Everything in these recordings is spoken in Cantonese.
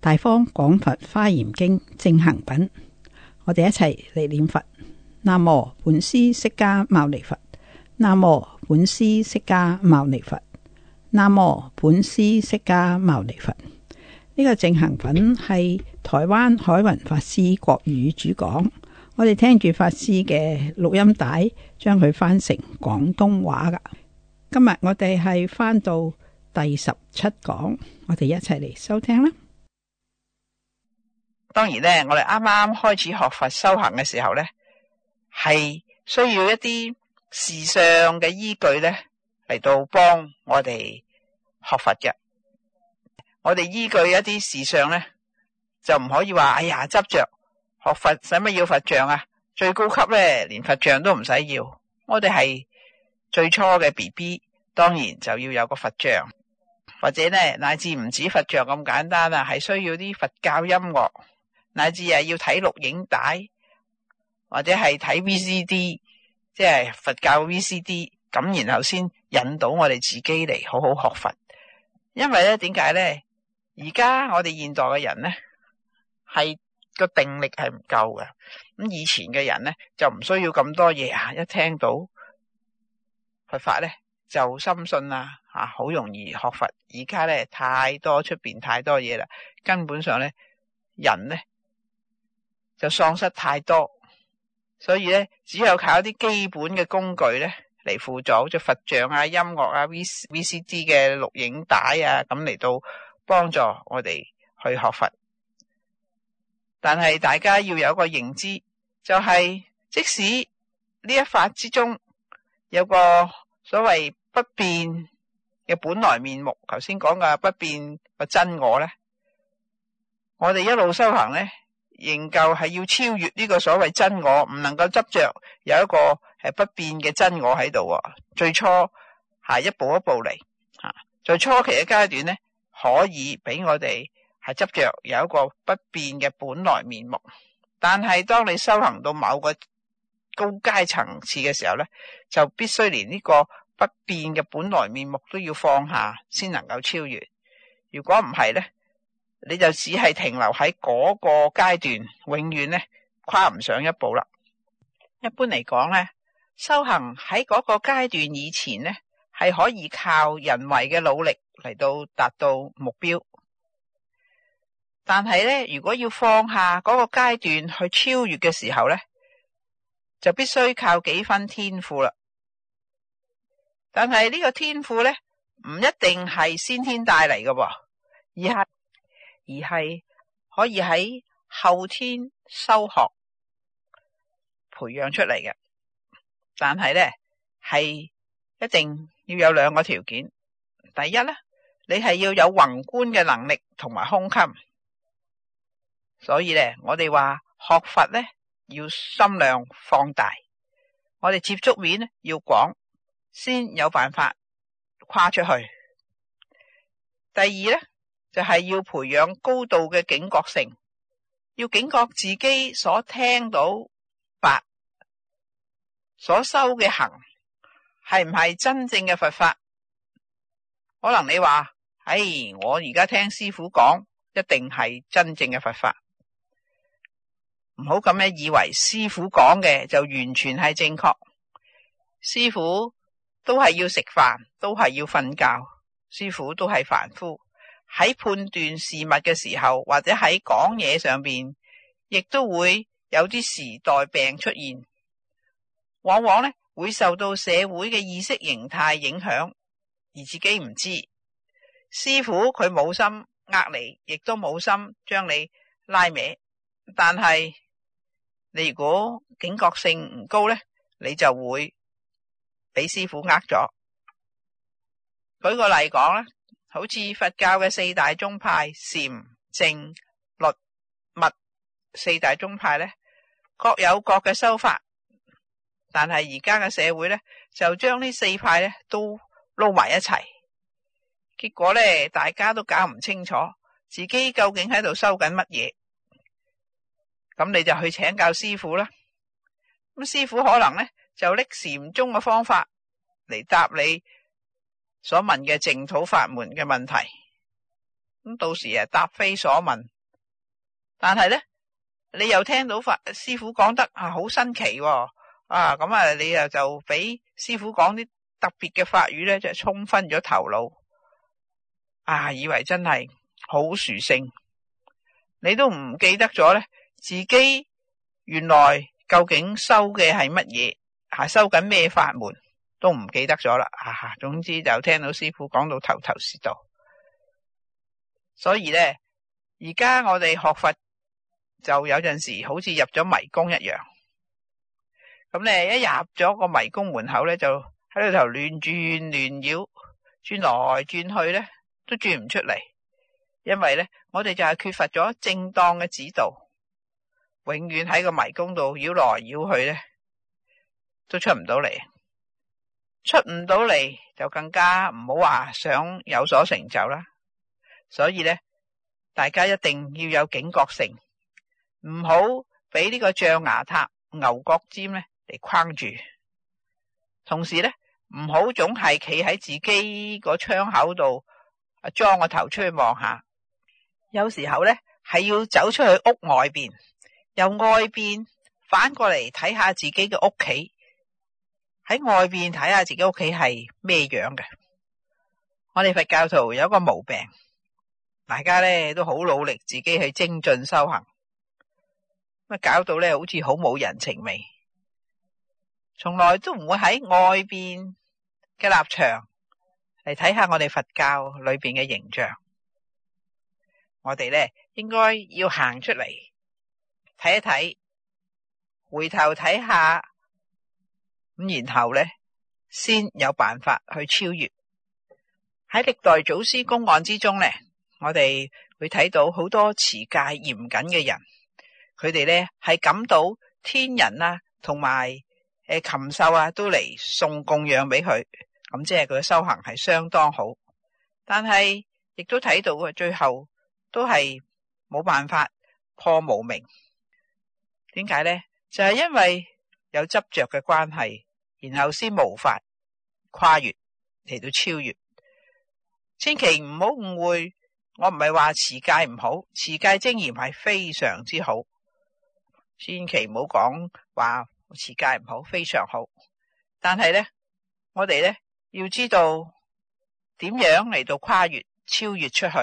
大方廣佛花嚴經正行品，我哋一齊嚟念佛。南無本師釋迦牟尼佛。南無本師釋迦牟尼佛。南無本師釋迦牟尼佛。呢、這個正行品係台灣海雲法師國語主講，我哋聽住法師嘅錄音帶，將佢翻成廣東話噶。今日我哋係翻到第十七講，我哋一齊嚟收聽啦。當然咧，我哋啱啱開始學佛修行嘅時候咧，係需要一啲事上嘅依據咧嚟到幫我哋學佛嘅。我哋依據一啲事上咧，就唔可以話哎呀執着學佛，使乜要佛像啊？最高級咧，連佛像都唔使要。我哋係最初嘅 B B，當然就要有個佛像，或者咧乃至唔止佛像咁簡單啦，係需要啲佛教音樂。乃至係，要睇錄影帶或者係睇 VCD，即係佛教 VCD，咁然後先引導我哋自己嚟好好學佛。因為咧，點解咧？而家我哋現在嘅人咧，係個定力係唔夠嘅。咁以前嘅人咧，就唔需要咁多嘢啊，一聽到佛法咧就深信呀，吓好容易學佛。而家咧太多出面太多嘢啦，根本上咧人咧。就喪失太多，所以咧，只有靠一啲基本嘅工具咧嚟輔助就佛像啊、音樂啊、VCD 嘅錄影帶啊，咁嚟到幫助我哋去學佛。但係大家要有個認知，就係、是、即使呢一法之中有個所謂不變嘅本來面目，頭先講嘅不變個真我咧，我哋一路修行咧。仍舊係要超越呢個所謂真我，唔能夠執着有一個不變嘅真我喺度啊！最初係一步一步嚟，吓，在初期嘅階段咧，可以俾我哋係執着有一個不變嘅本來面目。但係當你修行到某個高階層次嘅時候咧，就必須連呢個不變嘅本來面目都要放下，先能夠超越。如果唔係咧，你就只係停留喺嗰個階段，永遠咧跨唔上一步啦。一般嚟講咧，修行喺嗰個階段以前咧，係可以靠人為嘅努力嚟到達到目標。但係咧，如果要放下嗰個階段去超越嘅時候咧，就必須靠幾分天賦啦。但係呢個天賦咧，唔一定係先天帶嚟嘅啊，而係。而係可以喺後天修學培養出嚟嘅，但係咧，係一定要有兩個條件。第一咧，你係要有宏觀嘅能力同埋胸襟，所以咧我哋話學佛咧要心量放大，我哋接觸面要廣，先有辦法跨出去。第二咧。就係要培養高度嘅警覺性，要警覺自己所聽到、法、所修嘅行係唔係真正嘅佛法。可能你話：，唉、哎，我而家聽師傅講，一定係真正嘅佛法。唔好咁樣以為師傅講嘅就完全係正確。師傅都係要食飯，都係要瞓覺，師傅都係凡夫。喺判斷事物嘅時候，或者喺講嘢上邊，亦都會有啲時代病出現。往往咧會受到社會嘅意識形態影響，而自己唔知。師傅佢冇心呃你，亦都冇心將你拉歪。但係你如果警覺性唔高咧，你就會俾師傅呃咗。舉個例講啦。好似佛教嘅四大宗派禪、淨、律、密四大宗派咧，各有各嘅修法，但係而家嘅社會咧，就將呢四派咧都撈埋一齊，結果咧，大家都搞唔清楚自己究竟喺度修緊乜嘢，咁你就去請教師父啦。咁師父可能咧就拎禪宗嘅方法嚟答你。所問嘅淨土法門嘅問題，咁到時啊答非所問，但係咧你又聽到法師父講得啊好新奇喎、哦，啊咁啊你又就俾師父講啲特別嘅法語咧，就沖昏咗頭腦，啊以為真係好殊勝，你都唔記得咗咧自己原來究竟修嘅係乜嘢，係修緊咩法門？都唔記得咗啦！啊，總之就聽到師傅講到頭頭是道，所以呢，而家我哋學佛就有陣時好似入咗迷宮一樣。咁你一入咗個迷宮門口呢，就喺裏頭亂轉亂繞，轉來轉去呢，都轉唔出嚟。因為呢，我哋就係缺乏咗正當嘅指導，永遠喺個迷宮度繞來繞去呢，都出唔到嚟。出唔到嚟，就更加唔好話想有所成就啦，所以咧，大家一定要有警覺性，唔好俾呢個象牙塔、牛角尖咧嚟框住。同時咧，唔好總係企喺自己個窗口度啊，裝個頭出去望下。有時候咧，係要走出去屋外邊，由外邊反過嚟睇下自己嘅屋企。喺外邊睇下自己屋企係咩樣嘅。我哋佛教徒有一個毛病，大家咧都好努力自己去精進修行，咁搞到咧好似好冇人情味，從來都唔會喺外邊嘅立場嚟睇下我哋佛教裏邊嘅形象，我哋咧應該要行出嚟睇一睇，回頭睇下。咁然後咧，先有辦法去超越。喺歷代祖師公案之中咧，我哋會睇到好多持戒嚴謹嘅人，佢哋咧係感到天人啊，同埋誒禽獸啊都嚟送供養俾佢，咁即係佢嘅修行係相當好。但係亦都睇到佢最後都係冇辦法破無明。點解咧？就係、是、因為有執着嘅關係。然後先無法跨越嚟到超越，千祈唔好誤會，我唔係話持戒唔好，持戒精嚴係非常之好，千祈唔好講話持戒唔好，非常好。但係咧，我哋咧要知道點樣嚟到跨越、超越出去，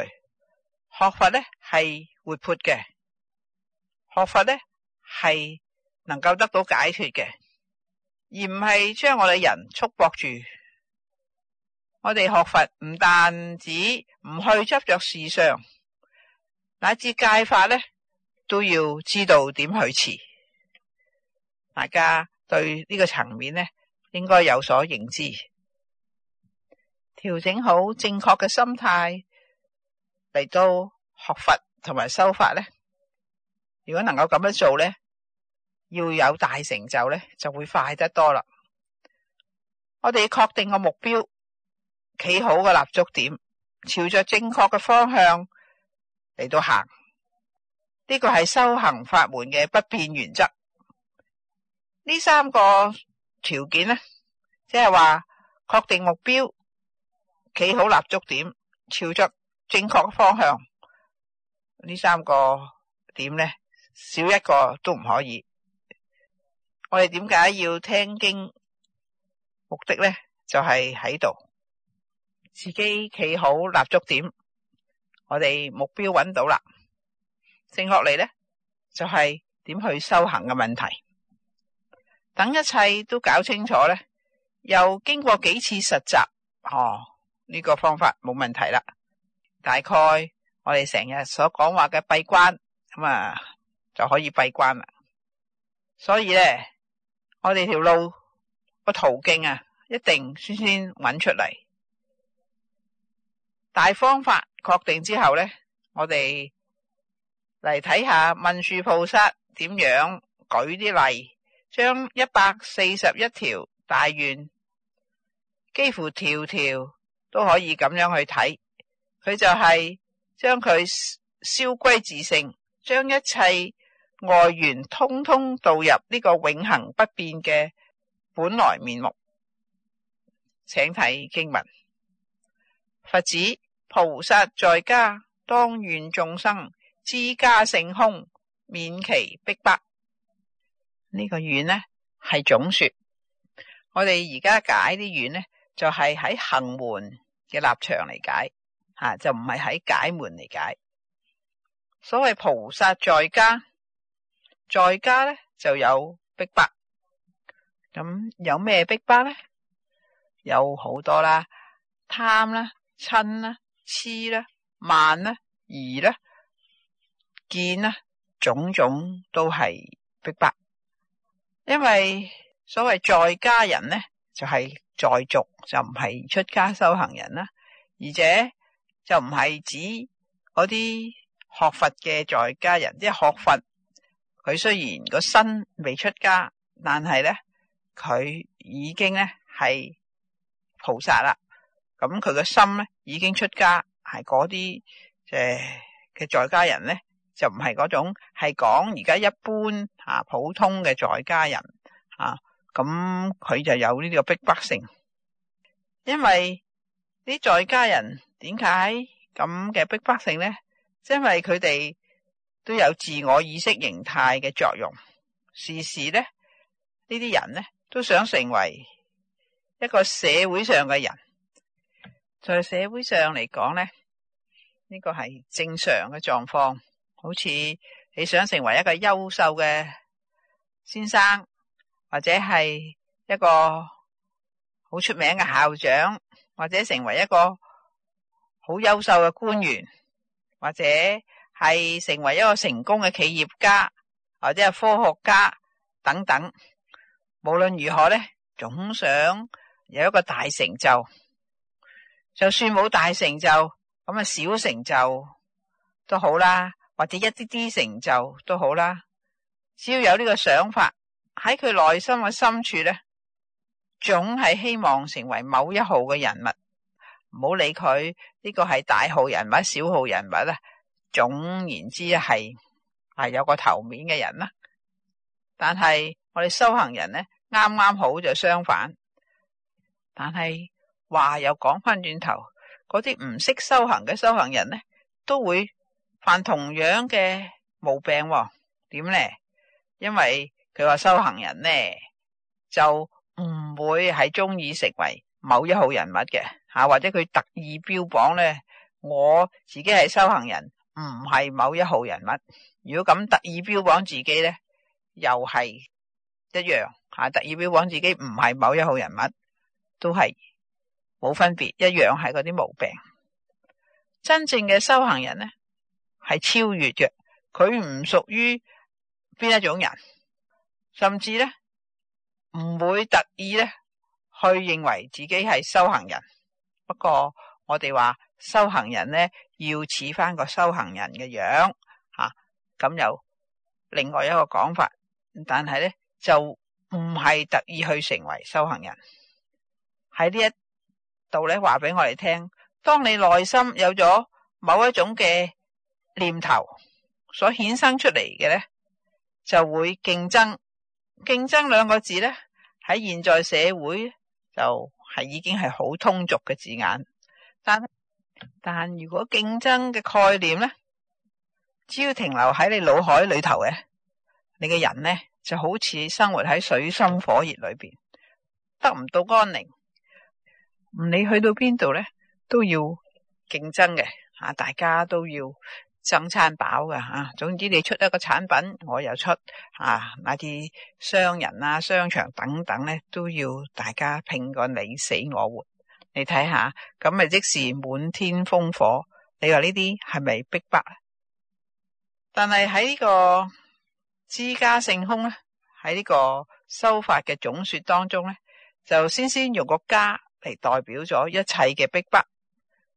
學佛咧係活潑嘅，學佛咧係能夠得到解脱嘅。而唔係將我哋人束縛住，我哋學佛唔但止唔去執着事上，乃至戒法咧都要知道點去持。大家對這個層面呢個層面咧應該有所認知，調整好正確嘅心態嚟到學佛同埋修法咧。如果能夠咁樣做咧。要有大成就咧，就會快得多啦。我哋確定個目標，企好個立足點，朝着正確嘅方向嚟到行。呢個係修行法門嘅不變原則。呢三個條件咧，即係話確定目標，企好立足點，朝着正確嘅方向。呢三個點咧，少一個都唔可以。我哋點解要聽經？目的咧就係喺度，自己企好立足點。我哋目標揾到啦，剩落嚟咧就係點去修行嘅問題。等一切都搞清楚咧，又經過幾次實習，哦，呢個方法冇問題啦。大概我哋成日所講話嘅閉關咁啊，就可以閉關啦。所以咧。我哋條路個途徑啊，一定先先搵出嚟。大方法確定之後咧，我哋嚟睇下文殊菩薩點樣舉啲例，將一百四十一條大願，幾乎條條都可以咁樣去睇。佢就係將佢消歸自性，將一切，外緣通通導入呢個永恒不變嘅本來面目，請睇經文。佛子菩薩在家，當願眾生知家性空，免其逼迫。呢、這個願呢係總說，我哋而家解啲願呢就係、是、喺行門嘅立場嚟解，吓就唔係喺解門嚟解。所謂菩薩在家。在家咧就有逼巴，咁有咩逼巴咧？有好多啦，貪啦、瞋啦、痴啦、慢啦、疑啦、見啦，種種都係逼巴。因為所謂在家人咧，就係在俗，就唔係出家修行人啦，而且就唔係指嗰啲學佛嘅在家人，即係學佛。佢雖然個身未出家，但係咧，佢已經咧係菩薩啦。咁佢個心咧已經出家，係嗰啲誒嘅在家人咧，就唔係嗰種係講而家一般嚇、啊、普通嘅在家人啊。咁佢就有呢啲嘅逼迫性，因為啲在家人點解咁嘅逼迫性咧？即係、因為佢哋。都有自我意識形態嘅作用，時時呢，呢啲人呢，都想成為一個社會上嘅人，在社會上嚟講呢，呢個係正常嘅狀況。好似你想成為一個優秀嘅先生，或者係一個好出名嘅校長，或者成為一個好優秀嘅官員，或者，係成為一個成功嘅企業家或者係科學家等等，無論如何咧，總想有一個大成就。就算冇大成就，咁啊小成就都好啦，或者一啲啲成就都好啦。只要有呢個想法，喺佢內心嘅深處咧，總係希望成為某一號嘅人物。唔好理佢呢個係大號人物、小號人物啦。總言之係係有個頭面嘅人啦，但係我哋修行人呢，啱啱好就相反。但係話又講返轉頭，嗰啲唔識修行嘅修行人呢，都會犯同樣嘅毛病喎。點呢？因為佢話修行人呢就唔會係中意成為某一號人物嘅吓，或者佢特意標榜呢，我自己係修行人。唔係某一號人物，如果咁特意標榜自己呢，又係一樣吓，特意標榜自己唔係某一號人物，都係冇分別，一樣係嗰啲毛病。真正嘅修行人呢，係超越嘅，佢唔屬於邊一種人，甚至呢唔會特意呢去認為自己係修行人。不過我哋話修行人呢。要似翻個修行人嘅樣，吓、啊、咁又另外一個講法，但係咧就唔係特意去成為修行人。喺呢一度咧，話俾我哋聽，當你內心有咗某一種嘅念頭所衍生出嚟嘅咧，就會競爭。競爭兩個字咧，喺現在社會就係已經係好通俗嘅字眼，但。但如果競爭嘅概念呢，只要停留喺你腦海裏頭嘅，你嘅人呢就好似生活喺水深火熱裏邊，得唔到安寧。唔理去到邊度呢，都要競爭嘅吓，大家都要爭餐飽嘅吓，啊。總之你出一個產品，我又出啊，買啲商人啊、商場等等呢，都要大家拼個你死我活。你睇下，咁咪即是滿天烽火。你話呢啲係咪逼迫？但係喺呢個知家聖空咧，喺呢個修法嘅總說當中咧，就先先用個家嚟代表咗一切嘅逼迫。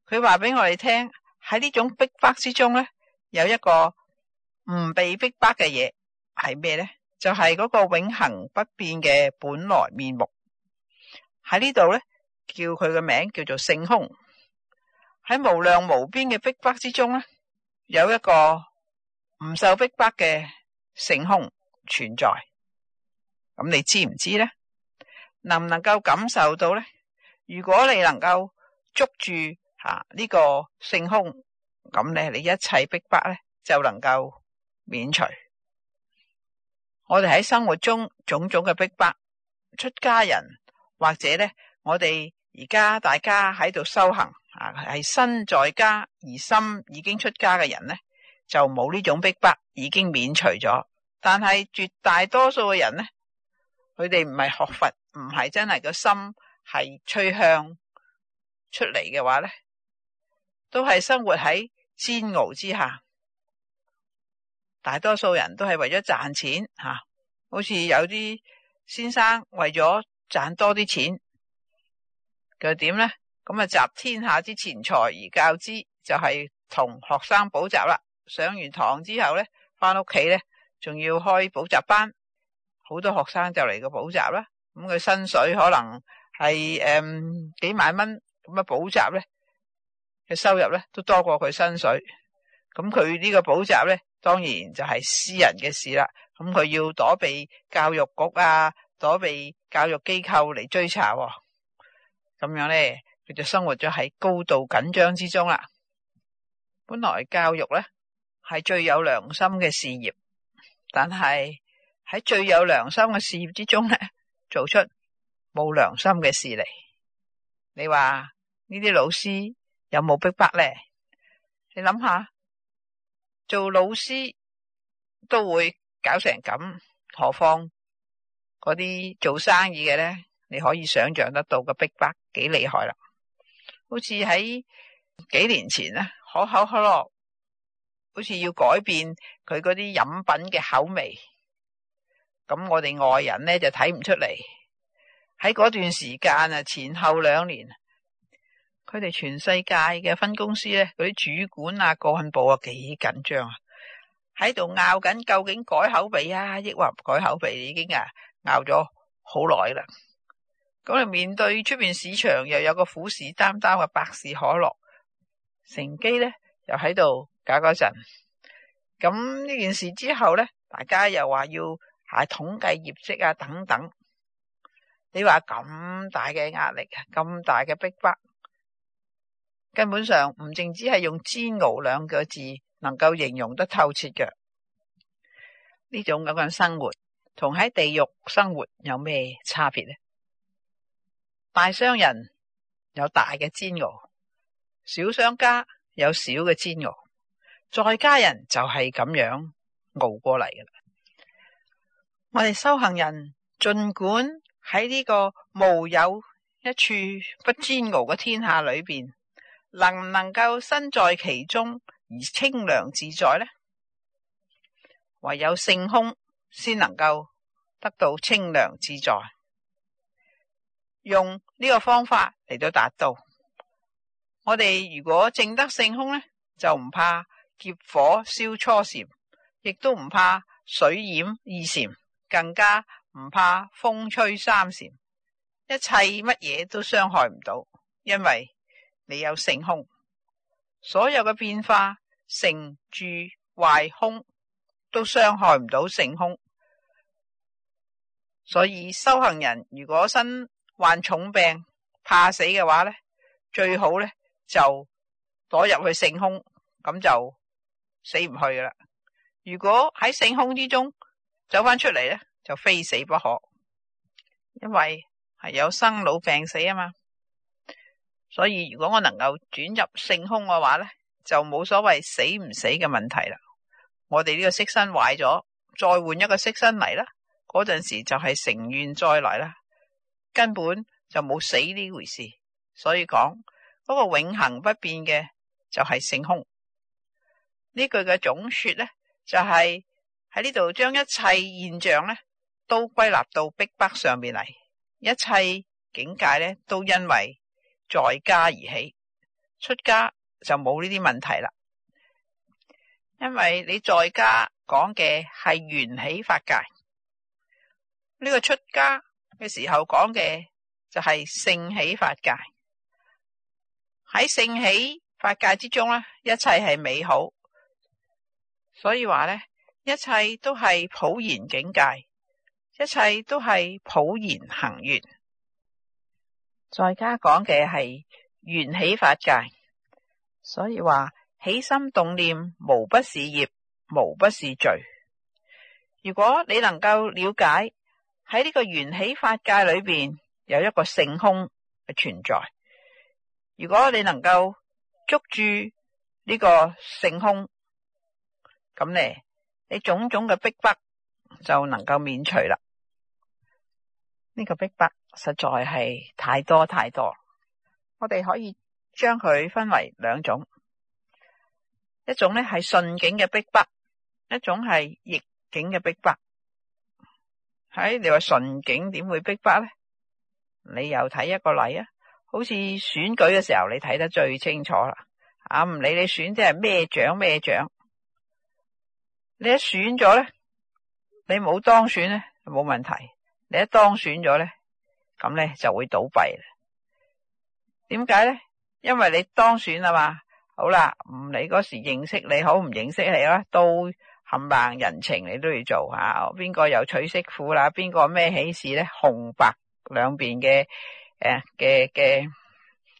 佢話俾我哋聽，喺呢種逼迫之中咧，有一個唔被逼迫嘅嘢係咩咧？就係嗰個永恆不變嘅本來面目。喺呢度咧。叫佢嘅名叫做性空，喺無量無邊嘅逼迫之中咧，有一個唔受逼迫嘅性空存在。咁你知唔知咧？能唔能夠感受到咧？如果你能夠捉住吓呢個性空，咁咧你一切逼迫咧就能夠免除。我哋喺生活中種種嘅逼迫，出家人或者咧我哋。而家大家喺度修行啊，係身在家而心已經出家嘅人咧，就冇呢種逼迫，迫，已經免除咗。但係絕大多數嘅人咧，佢哋唔係學佛，唔係真係個心係趨向出嚟嘅話咧，都係生活喺煎熬之下。大多數人都係為咗賺錢吓，好似有啲先生為咗賺多啲錢。佢點咧？咁啊，集天下之錢財而教之，就係、是、同學生補習啦。上完堂之後咧，翻屋企咧，仲要開補習班，好多學生就嚟個補習啦。咁佢薪水可能係誒、嗯、幾萬蚊，咁啊補習咧嘅收入咧都多過佢薪水。咁佢呢個補習咧，當然就係私人嘅事啦。咁佢要躲避教育局啊，躲避教育機構嚟追查，啊。咁樣咧，佢就生活咗喺高度緊張之中啦。本來教育咧係最有良心嘅事業，但係喺最有良心嘅事業之中咧，做出冇良心嘅事嚟。你話呢啲老師有冇逼迫咧？你諗下，做老師都會搞成咁，何況嗰啲做生意嘅咧？你可以想象得到嘅逼迫幾厲害啦，好似喺幾年前啊可口可樂，好似要改變佢嗰啲飲品嘅口味。咁我哋外人咧就睇唔出嚟。喺嗰段時間啊，前後兩年，佢哋全世界嘅分公司咧，嗰啲主管啊、幹部啊，幾緊張啊，喺度拗緊究竟改口味啊，抑或唔改口味已經啊拗咗好耐啦。咁你面對出面市場，又有個虎視眈眈嘅百事可樂，乘機咧又喺度搞嗰陣。咁呢件事之後咧，大家又話要系統計業績啊等等。你話咁大嘅壓力，咁大嘅逼迫，迫，根本上唔淨只係用煎熬兩個字能夠形容得透徹嘅呢種咁嘅生活，同喺地獄生活有咩差別咧？大商人有大嘅煎熬，小商家有小嘅煎熬，在家人就係咁樣熬過嚟嘅啦。我哋修行人盡管喺呢個無有一處不煎熬嘅天下裏邊，能唔能夠身在其中而清涼自在呢？唯有性空先能夠得到清涼自在。用呢個方法嚟到達到，我哋如果證得性空咧，就唔怕劫火燒初禪，亦都唔怕水淹二禪，更加唔怕風吹三禪，一切乜嘢都傷害唔到，因為你有性空，所有嘅變化、成住、壞空都傷害唔到性空，所以修行人如果身患重病，怕死嘅話咧，最好咧就躲入去性空，咁就死唔去噶啦。如果喺性空之中走翻出嚟咧，就非死不可，因為係有生老病死啊嘛。所以如果我能夠轉入性空嘅話咧，就冇所謂死唔死嘅問題啦。我哋呢個色身壞咗，再換一個色身嚟啦，嗰陣時就係成願再來啦。根本就冇死呢回事，所以講嗰、那個永恒不變嘅就係性空。呢句嘅總說咧，就係喺呢度將一切現象咧都歸納到壁北上面嚟，一切境界咧都因為在家而起，出家就冇呢啲問題啦。因為你在家講嘅係緣起法界，呢、這個出家。嘅時候講嘅就係性起法界，喺性起法界之中咧，一切係美好，所以話呢，一切都係普賢境界，一切都係普賢行願。再加講嘅係緣起法界，所以話起心動念無不是業，無不是罪。如果你能夠了解。喺呢個緣起法界裏邊，有一個性空嘅存在。如果你能夠捉住呢個性空，咁咧，你種種嘅逼迫就能夠免除啦。呢、這個逼迫實在係太多太多。我哋可以將佢分為兩種，一種咧係順境嘅逼迫，一種係逆境嘅逼迫。喺、哎、你話順景點會逼迫咧？你又睇一個例啊，好似選舉嘅時候，你睇得最清楚啦。啊，唔理你選即係咩獎咩獎，你一選咗咧，你冇當選咧冇問題，你一當選咗咧，咁咧就會倒閉。點解咧？因為你當選啊嘛。好啦，唔理嗰時認識你好唔認識你啦，到。冚唪人情，你都要做吓，啊，邊個又娶媳婦啦？邊個咩喜事咧？紅白兩邊嘅，誒嘅嘅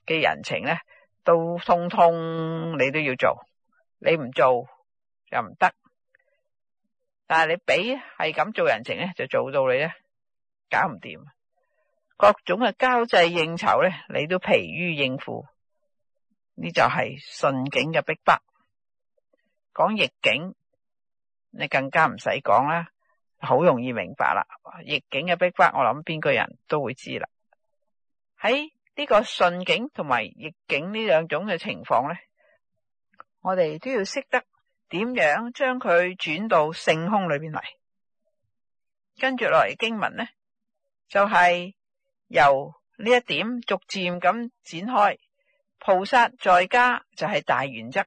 嘅人情咧，都通通你都要做，你唔做又唔得。但係你俾係咁做人情咧，就做到你咧，搞唔掂。各種嘅交際應酬咧，你都疲於應付，呢就係順境嘅逼迫。講逆境。你更加唔使講啦，好容易明白啦。逆境嘅逼迫，我諗邊個人都會知啦。喺呢個順境同埋逆境呢兩種嘅情況咧，我哋都要識得點樣將佢轉到性空裏邊嚟。跟住落嚟經文咧，就係由呢一點逐漸咁展開。菩薩在家就係大原則，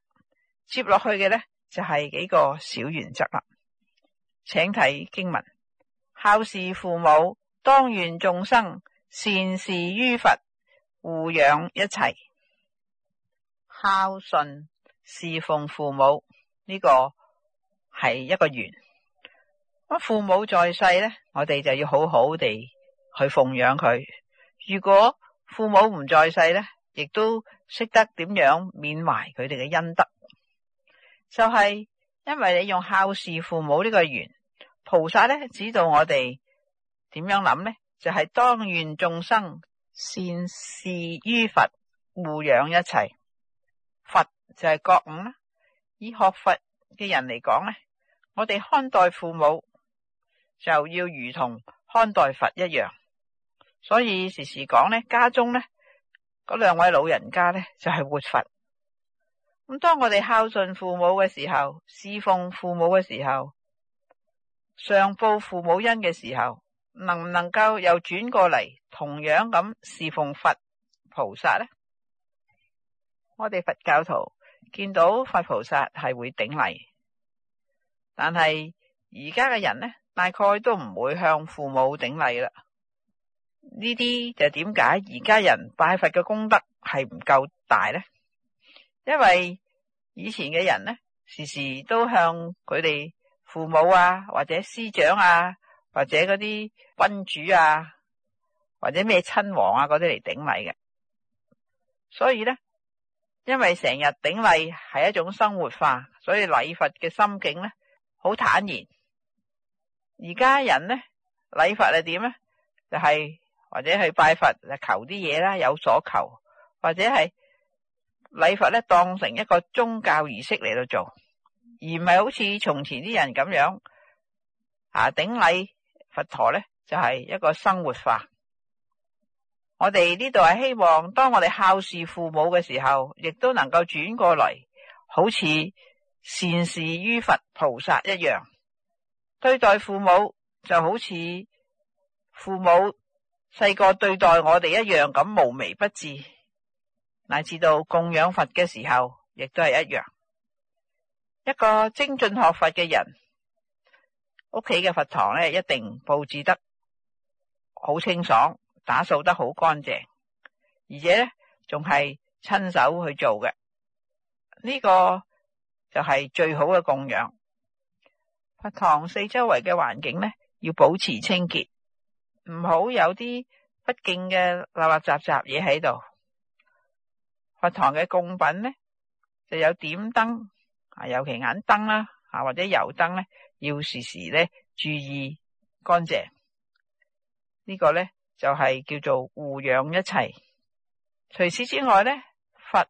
接落去嘅咧。就係幾個小原則啦，請睇經文：孝事父母，當願眾生善事於佛，護養一切。孝順侍奉父母呢個係一個緣。咁父母在世呢，我哋就要好好地去奉養佢。如果父母唔在世呢，亦都識得點樣緬懷佢哋嘅恩德。就係因為你用孝事父母呢個緣，菩薩咧指導我哋點樣諗呢？就係當願眾生善事於佛，護養一切，佛就係覺悟啦。以學佛嘅人嚟講咧，我哋看待父母就要如同看待佛一樣，所以時時講咧，家中咧嗰兩位老人家咧就係活佛。咁當我哋孝順父母嘅時候，侍奉父母嘅時候，上報父母恩嘅時候，能唔能夠又轉過嚟同樣咁侍奉佛菩薩呢？我哋佛教徒見到佛菩薩係會頂禮，但係而家嘅人呢，大概都唔會向父母頂禮啦。呢啲就點解而家人拜佛嘅功德係唔夠大呢？因為以前嘅人咧，時時都向佢哋父母啊，或者師長啊，或者嗰啲君主啊，或者咩親王啊嗰啲嚟頂禮嘅，所以咧，因為成日頂禮係一種生活化，所以禮佛嘅心境咧好坦然。而家人咧禮佛係點咧？就係、是、或者去拜佛嚟求啲嘢啦，有所求，或者係。禮佛咧當成一個宗教儀式嚟到做，而唔係好似從前啲人咁樣，啊頂禮佛陀咧就係、是、一個生活化。我哋呢度係希望，當我哋孝事父母嘅時候，亦都能夠轉過來，好似善事於佛菩薩一樣，對待父母就好似父母細個對待我哋一樣咁無微不至。乃至到供養佛嘅時候，亦都係一樣。一個精進學佛嘅人，屋企嘅佛堂咧，一定佈置得好清爽，打掃得好乾淨，而且咧仲係親手去做嘅。呢個就係最好嘅供養。佛堂四周圍嘅環境咧，要保持清潔，唔好有啲不敬嘅垃垃雜雜嘢喺度。佛堂嘅供品咧，就有點燈啊，尤其眼燈啦、啊，或者油燈咧，要時時咧注意乾淨。這個、呢個咧就係、是、叫做護養一切。除此之外咧，佛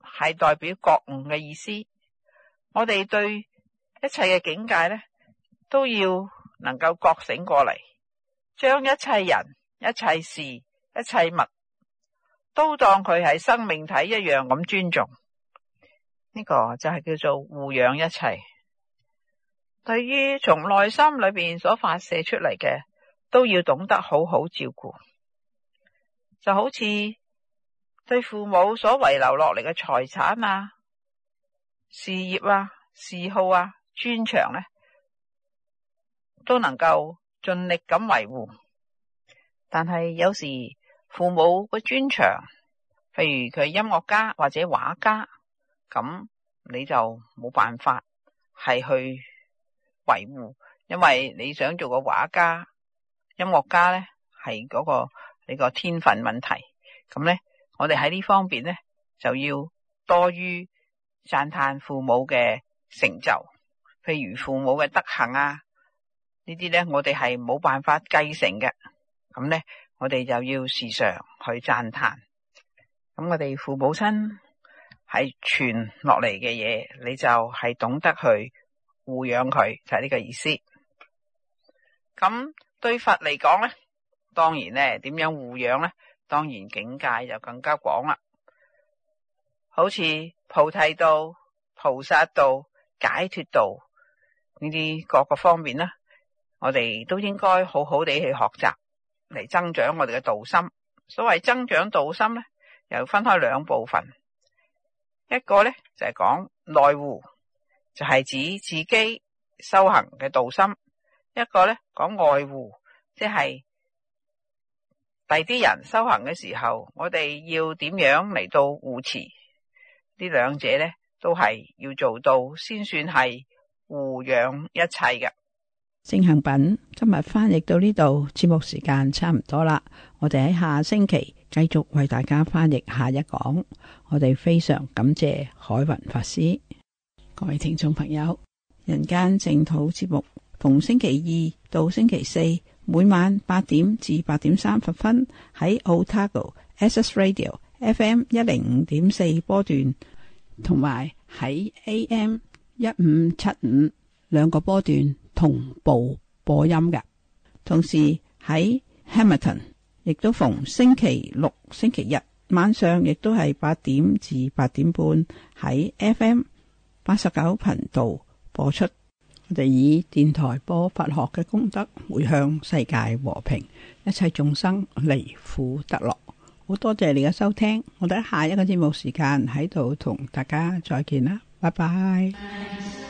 係代表覺悟嘅意思。我哋對一切嘅境界咧，都要能夠覺醒過嚟，將一切人、一切事、一切物，都當佢係生命體一樣咁尊重，呢個就係叫做護養一切。對於從內心裏邊所發射出嚟嘅，都要懂得好好照顧。就好似對父母所遺留落嚟嘅財產啊、事業啊、嗜好啊、專長呢，都能夠盡力咁維護。但係有時，父母嘅專長，譬如佢係音樂家或者畫家，咁你就冇辦法係去維護，因為你想做個畫家、音樂家咧，係嗰個你個天分問題。咁咧，我哋喺呢方面咧就要多於讚歎父母嘅成就，譬如父母嘅德行啊，呢啲咧我哋係冇辦法繼承嘅。咁咧。我哋就要時常去讚歎，咁我哋父母親係傳落嚟嘅嘢，你就係懂得去護養佢，就係呢個意思。咁對佛嚟講咧，當然咧，點樣護養咧？當然境界就更加廣啦。好似菩提道、菩薩道、解脫道呢啲各個方面啦，我哋都應該好好地去學習。嚟增長我哋嘅道心。所謂增長道心咧，又分開兩部分。一個咧就係講內護，就係、是就是、指自己修行嘅道心；一個咧講外護，即係第啲人修行嘅時候，我哋要點樣嚟到護持？呢兩者咧都係要做到先算係護養一切嘅。正行品今日翻譯到呢度，節目時間差唔多啦。我哋喺下星期繼續為大家翻譯下一講。我哋非常感謝海雲法師，各位聽眾朋友，人間淨土節目逢星期二到星期四每晚八點至八點三十分喺 Otago S S Radio F M 一零五點四波段，同埋喺 A M 一五七五兩個波段。同步播音嘅，同時喺 Hamilton 亦都逢星期六、星期日晚上，亦都係八點至八點半喺 FM 八十九頻道播出。我哋以電台播佛學嘅功德，回向世界和平，一切眾生離苦得樂。好多謝你嘅收聽，我哋下一個節目時間喺度同大家再見啦，拜拜。